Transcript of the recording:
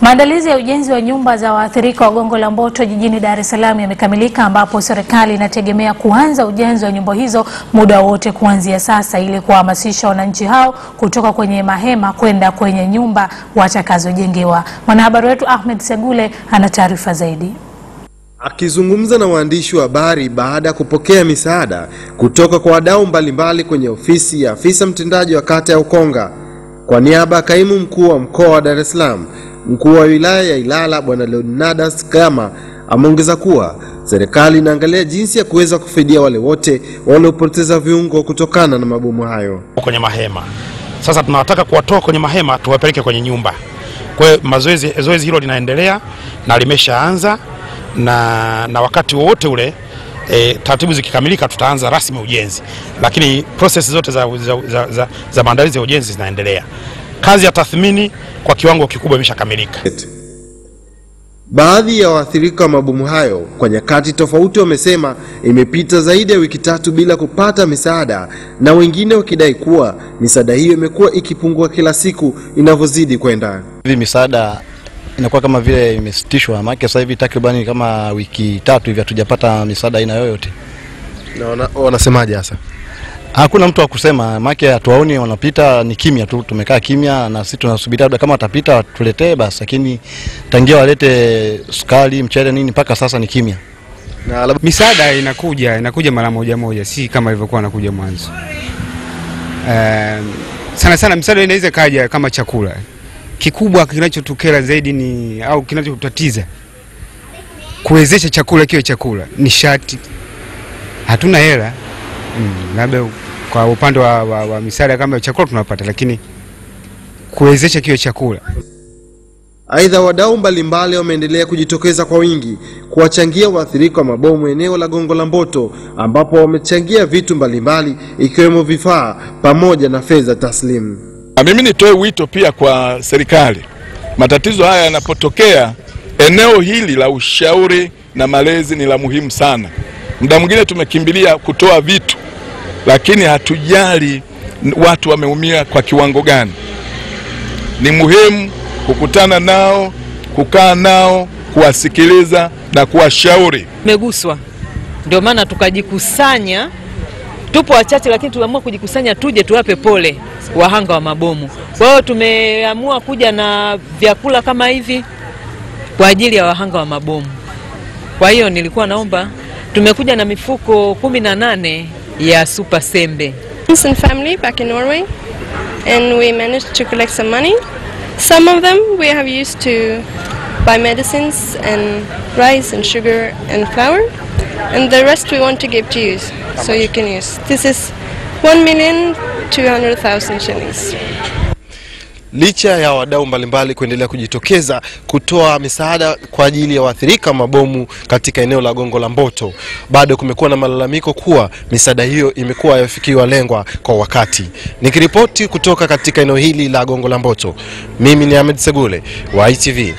Maandalizi ya ujenzi wa nyumba za waathirika wa gongo la Mboto jijini Dar es Salaam yamekamilika ambapo serikali inategemea kuanza ujenzi wa nyumba hizo muda wote kuanzia sasa ili kuwahamasisha wananchi hao kutoka kwenye mahema kwenda kwenye nyumba watakazojengewa. Mwanahabari wetu Ahmed Segule ana taarifa zaidi. Akizungumza na waandishi wa habari baada ya kupokea misaada kutoka kwa wadau mbalimbali kwenye ofisi ya afisa mtendaji wa kata ya Ukonga, kwa niaba ya kaimu mkuu wa mkoa wa Dar es Salaam Mkuu wa wilaya ya Ilala Bwana Leonidas Kama ameongeza kuwa serikali inaangalia jinsi ya kuweza kufidia wale wote waliopoteza viungo kutokana na mabomu hayo kwenye mahema. Sasa tunawataka kuwatoa kwenye mahema tuwapeleke kwenye nyumba. Kwa hiyo mazoezi, zoezi hilo linaendelea na limeshaanza na, na wakati wowote ule E, taratibu zikikamilika tutaanza rasmi ujenzi, lakini prosesi zote za, za, za, za, za maandalizi ya ujenzi zinaendelea. Kazi ya tathmini kwa kiwango kikubwa imeshakamilika. Baadhi ya waathirika wa mabomu hayo kwa nyakati tofauti wamesema imepita zaidi ya wiki tatu bila kupata misaada, na wengine wakidai kuwa misaada hiyo imekuwa ikipungua kila siku inavyozidi kwenda. Hivi misaada inakuwa kama vile imesitishwa, maana sasa hivi takribani kama wiki tatu hivi hatujapata misaada aina yoyote. Na wanasemaje sasa? Hakuna mtu wa kusema, maana hatuwaoni wanapita, ni kimya tu, tumekaa kimya na sisi tunasubiri labda kama watapita watuletee basi, lakini tangia walete sukari, mchele, nini, mpaka sasa ni kimya. Na labda misaada inakuja inakuja mara moja moja, si kama ilivyokuwa inakuja mwanzo. Um, sana sana misaada inaweza kaja kama chakula. Kikubwa kinachotukera zaidi ni au kinachotatiza kuwezesha chakula kiwe chakula, nishati hatuna hela mm, labda kwa upande wa, wa, wa misaada kama chakula tunapata, lakini kuwezesha kiwe chakula. Aidha, wadau mbalimbali wameendelea kujitokeza kwa wingi kuwachangia waathirika wa mabomu eneo la Gongo la Mboto, ambapo wamechangia vitu mbalimbali ikiwemo vifaa pamoja na fedha taslimu. Na mimi nitoe wito pia kwa serikali, matatizo haya yanapotokea, eneo hili la ushauri na malezi ni la muhimu sana. Muda mwingine tumekimbilia kutoa vitu, lakini hatujali watu wameumia kwa kiwango gani. Ni muhimu kukutana nao, kukaa nao, kuwasikiliza na kuwashauri. Tumeguswa, ndio maana tukajikusanya. Tupo wachache, lakini tumeamua kujikusanya tuje tuwape pole wahanga wa mabomu. Kwa hiyo tumeamua kuja na vyakula kama hivi kwa ajili ya wahanga wa mabomu. Kwa hiyo nilikuwa naomba Tumekuja na mifuko 18 ya super sembe. Some family back in Norway and we managed to collect some money. Some of them we have used to buy medicines and rice and sugar and flour and the rest we want to give to you so you can use. This is 1,200,000 shillings licha ya wadau mbalimbali kuendelea kujitokeza kutoa misaada kwa ajili ya waathirika mabomu katika eneo la Gongo la Mboto, bado kumekuwa na malalamiko kuwa misaada hiyo imekuwa yafikiwa lengwa kwa wakati. Nikiripoti kutoka katika eneo hili la Gongo la Mboto, mimi ni Ahmed Segule wa ITV.